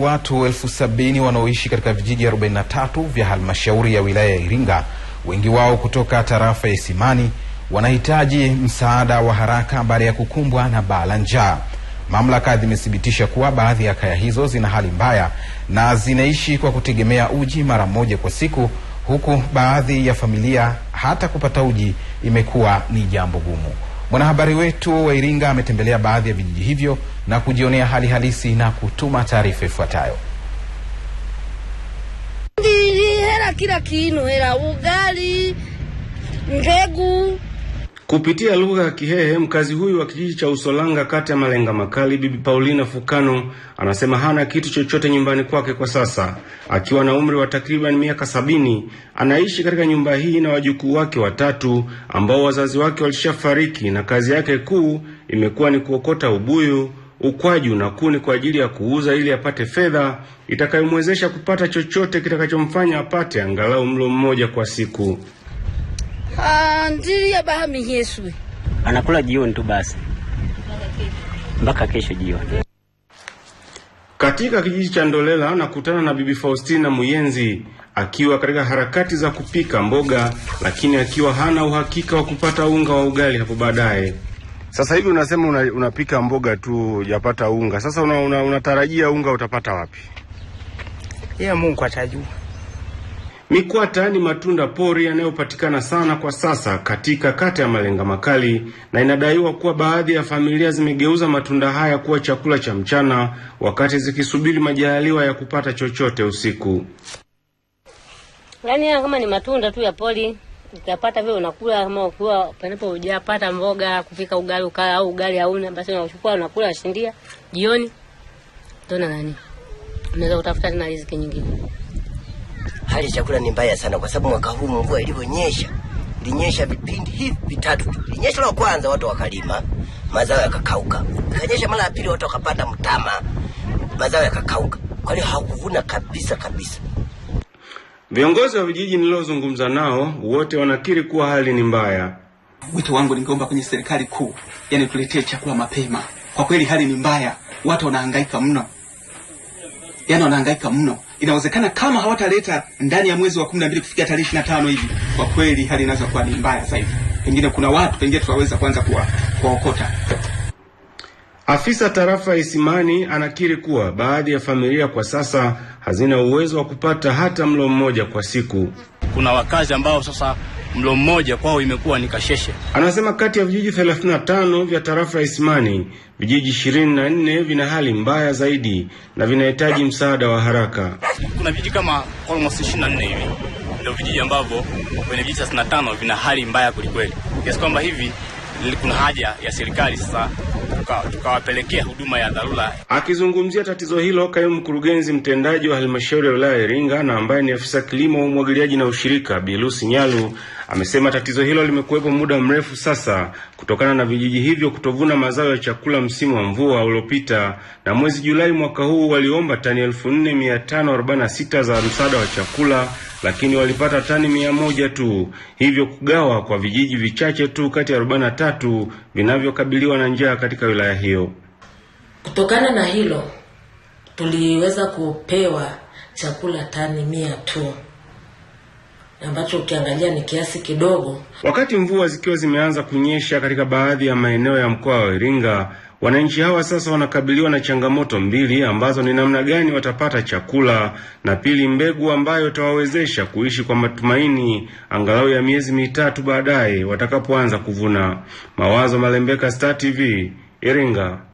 Watu elfu sabini wanaoishi katika vijiji 43 vya halmashauri ya wilaya ya Iringa, wengi wao kutoka tarafa ya Isimani, wanahitaji msaada wa haraka baada ya kukumbwa na baa la njaa. Mamlaka zimethibitisha kuwa baadhi ya kaya hizo zina hali mbaya na zinaishi kwa kutegemea uji mara moja kwa siku, huku baadhi ya familia hata kupata uji imekuwa ni jambo gumu. Mwanahabari wetu wa Iringa ametembelea baadhi ya vijiji hivyo na kujionea hali halisi na kutuma taarifa ifuatayo. Hela kila kinu, hela ugali, mbegu Kupitia lugha ya Kihehe, mkazi huyu wa kijiji cha Usolanga, kati ya Malenga Makali, Bibi Paulina Fukano anasema hana kitu chochote nyumbani kwake kwa sasa. Akiwa na umri wa takriban miaka sabini, anaishi katika nyumba hii na wajukuu wake watatu ambao wazazi wake walishafariki, na kazi yake kuu imekuwa ni kuokota ubuyu, ukwaju na kuni kwa ajili ya kuuza ili apate fedha itakayomwezesha kupata chochote kitakachomfanya apate angalau mlo mmoja kwa siku. Ah, ya bahami Yesu. Anakula jioni tu basi mpaka kesho jioni. Katika kijiji cha Ndolela nakutana na Bibi Faustina Muyenzi akiwa katika harakati za kupika mboga, lakini akiwa hana uhakika wa kupata unga wa ugali hapo baadaye. Sasa hivi unasema una, unapika mboga tu hujapata unga. Sasa unatarajia una, una unga utapata wapi? Yeye Mungu atajua. Mikwata ni matunda pori yanayopatikana sana kwa sasa katika kata ya Malenga Makali na inadaiwa kuwa baadhi ya familia zimegeuza matunda haya kuwa chakula cha mchana wakati zikisubiri majaliwa ya kupata chochote usiku. Yaani kama ni matunda tu ya pori utapata vile unakula, kama ukiwa panapo hujapata mboga kupika ugali ukala au ugali hauna, basi unachukua unakula, shindia jioni, ndio nani, unaweza kutafuta tena riziki nyingine hali chakula ni mbaya sana, kwa sababu mwaka huu mvua ilivyonyesha ilinyesha vipindi hivi vitatu tu. Ilinyesha la kwanza watu wakalima, mazao yakakauka. Ikanyesha mara ya pili watu wakapanda mtama, mazao yakakauka. Kwa hiyo hakuvuna kabisa kabisa. Viongozi wa vijiji niliozungumza nao wote wanakiri kuwa hali ni mbaya. Wito wangu ningeomba kwenye serikali kuu, yani tuletee chakula mapema. Kwa kweli hali ni mbaya, watu wanahangaika mno, yani wanahangaika mno inawezekana kama hawataleta ndani ya mwezi wa 12 kufikia tarehe 25 hivi, kwa kweli hali inaweza kuwa ni mbaya zaidi Pengine kuna watu pengine tunaweza kwanza kuwaokota. Afisa tarafa ya Isimani anakiri kuwa baadhi ya familia kwa sasa hazina uwezo wa kupata hata mlo mmoja kwa siku. Kuna wakazi ambao sasa mlo mmoja kwao imekuwa ni kasheshe. Anasema kati ya vijiji 35 vya tarafa ya Isimani, vijiji 24 vina hali mbaya zaidi na vinahitaji msaada wa haraka. Kuna vijiji kama almost 24 hivi ndio vijiji ambavyo kwenye vijiji 35 vina hali mbaya kwelikweli, kiasi kwamba hivi kuna haja ya serikali sasa tukawapelekea tuka huduma ya dharura. Akizungumzia tatizo hilo, kaimu mkurugenzi mtendaji wa halmashauri ya wilaya ya Iringa na ambaye ni afisa kilimo, umwagiliaji na ushirika, Bilusi Nyalu amesema tatizo hilo limekuwepo muda mrefu sasa kutokana na vijiji hivyo kutovuna mazao ya chakula msimu wa mvua uliopita, na mwezi Julai mwaka huu waliomba tani 4546 za msaada wa chakula lakini walipata tani mia moja tu, hivyo kugawa kwa vijiji vichache tu kati ya 43 vinavyokabiliwa na njaa katika wilaya wilaya hiyo. Kutokana na hilo, tuliweza kupewa chakula tani mia tu ambacho ukiangalia ni kiasi kidogo. Wakati mvua zikiwa zimeanza kunyesha katika baadhi ya maeneo ya mkoa wa Iringa, wananchi hawa sasa wanakabiliwa na changamoto mbili ambazo ni namna gani watapata chakula na pili, mbegu ambayo itawawezesha kuishi kwa matumaini angalau ya miezi mitatu baadaye watakapoanza kuvuna. Mawazo Malembeka, Star TV. Iringa.